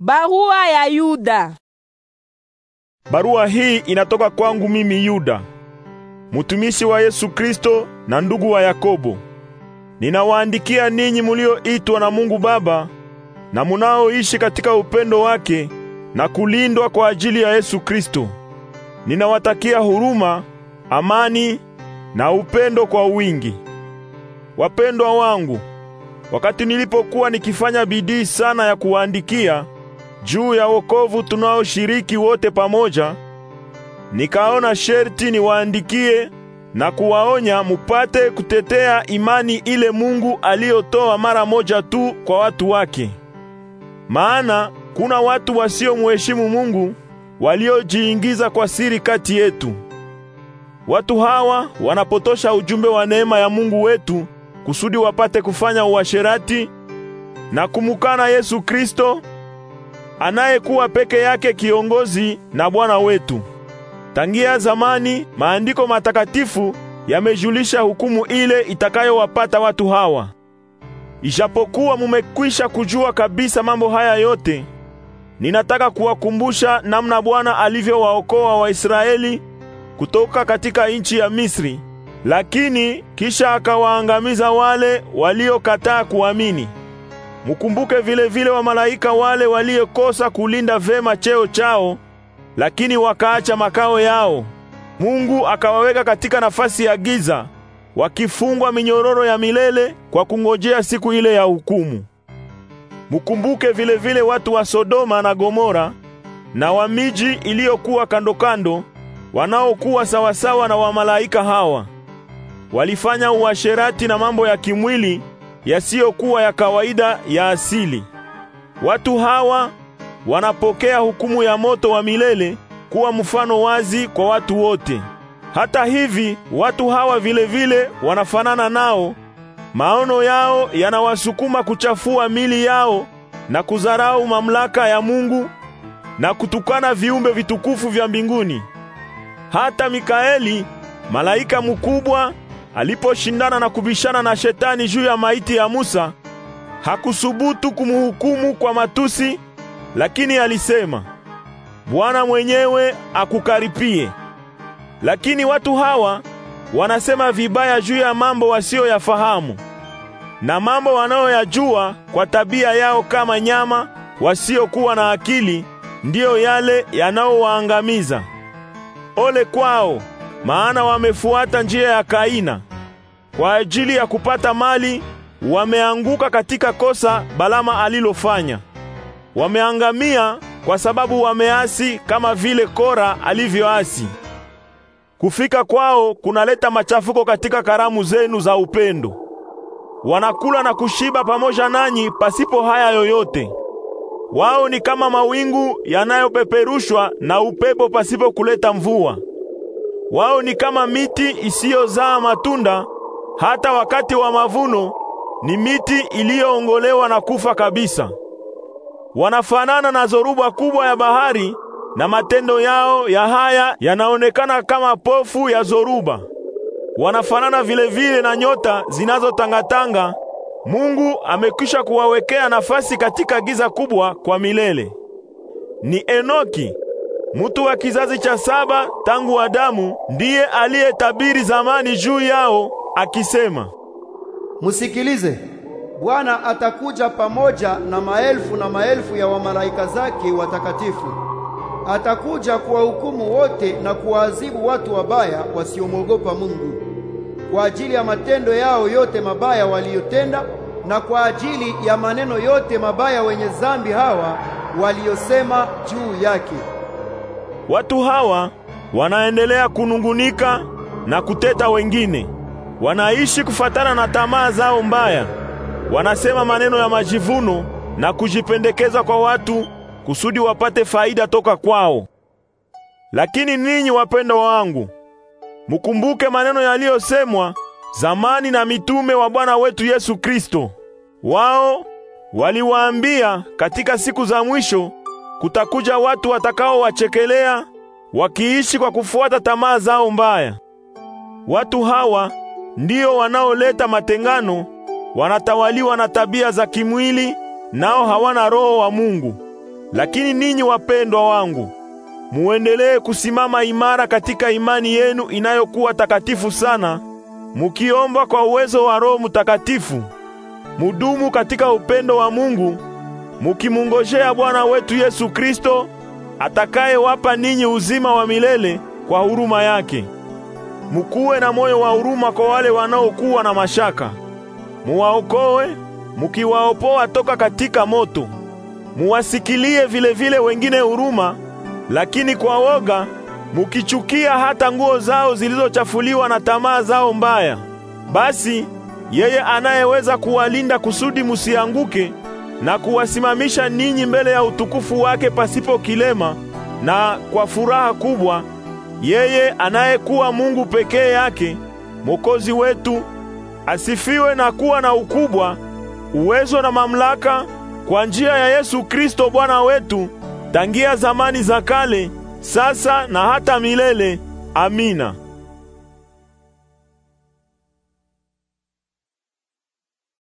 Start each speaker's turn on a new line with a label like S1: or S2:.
S1: Barua ya Yuda. Barua hii inatoka kwangu mimi Yuda, mtumishi wa Yesu Kristo na ndugu wa Yakobo. Ninawaandikia ninyi mulioitwa na Mungu Baba na munaoishi katika upendo wake na kulindwa kwa ajili ya Yesu Kristo. Ninawatakia huruma, amani na upendo kwa wingi. Wapendwa wangu, wakati nilipokuwa nikifanya bidii sana ya kuwaandikia juu ya wokovu tunaoshiriki wote pamoja, nikaona sherti niwaandikie na kuwaonya mupate kutetea imani ile Mungu aliyotoa mara moja tu kwa watu wake. Maana kuna watu wasiomheshimu Mungu waliojiingiza kwa siri kati yetu. Watu hawa wanapotosha ujumbe wa neema ya Mungu wetu kusudi wapate kufanya uasherati na kumukana Yesu Kristo anayekuwa peke yake kiongozi na Bwana wetu. Tangia zamani maandiko matakatifu yamejulisha hukumu ile itakayowapata watu hawa. Ijapokuwa mumekwisha kujua kabisa mambo haya yote, ninataka kuwakumbusha namna Bwana alivyowaokoa Waisraeli kutoka katika nchi ya Misri, lakini kisha akawaangamiza wale waliokataa kuamini. Mukumbuke vile vile wa malaika wale waliyekosa kulinda vema cheo chao, lakini wakaacha makao yao. Mungu akawaweka katika nafasi ya giza, wakifungwa minyororo ya milele kwa kungojea siku ile ya hukumu. Mukumbuke vile vile watu wa Sodoma na Gomora na wa miji iliyokuwa kandokando, wanaokuwa sawasawa na wamalaika hawa. Walifanya uasherati na mambo ya kimwili yasiyokuwa ya kawaida ya asili. Watu hawa wanapokea hukumu ya moto wa milele kuwa mfano wazi kwa watu wote. Hata hivi watu hawa vilevile vile wanafanana nao. Maono yao yanawasukuma kuchafua mili yao na kuzarau mamlaka ya Mungu na kutukana viumbe vitukufu vya mbinguni. Hata Mikaeli, malaika mkubwa aliposhindana na kubishana na shetani juu ya maiti ya Musa, hakusubutu kumhukumu kwa matusi, lakini alisema, Bwana mwenyewe akukaripie. Lakini watu hawa wanasema vibaya juu ya mambo wasiyoyafahamu na mambo wanayoyajua kwa tabia yao, kama nyama wasiokuwa na akili, ndiyo yale yanayowaangamiza. Ole kwao! maana wamefuata njia ya Kaina. Kwa ajili ya kupata mali wameanguka katika kosa Balama alilofanya. Wameangamia kwa sababu wameasi kama vile Kora alivyoasi. Kufika kwao kunaleta machafuko katika karamu zenu za upendo. Wanakula na kushiba pamoja nanyi pasipo haya yoyote. Wao ni kama mawingu yanayopeperushwa na upepo pasipo kuleta mvua. Wao ni kama miti isiyozaa matunda hata wakati wa mavuno, ni miti iliyoongolewa na kufa kabisa. Wanafanana na zoruba kubwa ya bahari, na matendo yao ya haya yanaonekana kama pofu ya zoruba. Wanafanana vilevile vile na nyota zinazotangatanga. Mungu amekwisha kuwawekea nafasi katika giza kubwa kwa milele. Ni Enoki Mtu wa kizazi cha saba tangu Adamu ndiye aliyetabiri zamani juu yao akisema, Musikilize, Bwana atakuja pamoja na maelfu na maelfu ya wamalaika zake watakatifu. Atakuja kuwahukumu wote na kuwaadhibu watu wabaya wasiomwogopa Mungu kwa ajili ya matendo yao yote mabaya waliyotenda na kwa ajili ya maneno yote mabaya wenye zambi hawa waliyosema juu yake. Watu hawa wanaendelea kunungunika na kuteta wengine. Wanaishi kufatana na tamaa zao mbaya. Wanasema maneno ya majivuno na kujipendekeza kwa watu kusudi wapate faida toka kwao. Lakini ninyi wapendwa wangu, mukumbuke maneno yaliyosemwa zamani na mitume wa Bwana wetu Yesu Kristo. Wao waliwaambia katika siku za mwisho Kutakuja watu watakaowachekelea wakiishi kwa kufuata tamaa zao mbaya. Watu hawa ndio wanaoleta matengano, wanatawaliwa na tabia za kimwili, nao hawana roho wa Mungu. Lakini ninyi wapendwa wangu, muendelee kusimama imara katika imani yenu inayokuwa takatifu sana, mukiomba kwa uwezo wa Roho Mutakatifu. Mudumu katika upendo wa Mungu mukimungojea Bwana wetu Yesu Kristo atakayewapa ninyi uzima wa milele kwa huruma yake. Mukuwe na moyo wa huruma kwa wale wanaokuwa na mashaka, muwaokoe mukiwaopoa toka katika moto. Muwasikilie vilevile wengine huruma, lakini kwa woga, mukichukia hata nguo zao zilizochafuliwa na tamaa zao mbaya. Basi yeye anayeweza kuwalinda kusudi musianguke na kuwasimamisha ninyi mbele ya utukufu wake pasipo kilema na kwa furaha kubwa, yeye anayekuwa Mungu pekee yake Mwokozi wetu, asifiwe na kuwa na ukubwa, uwezo na mamlaka kwa njia ya Yesu Kristo Bwana wetu, tangia zamani za kale, sasa na hata milele. Amina.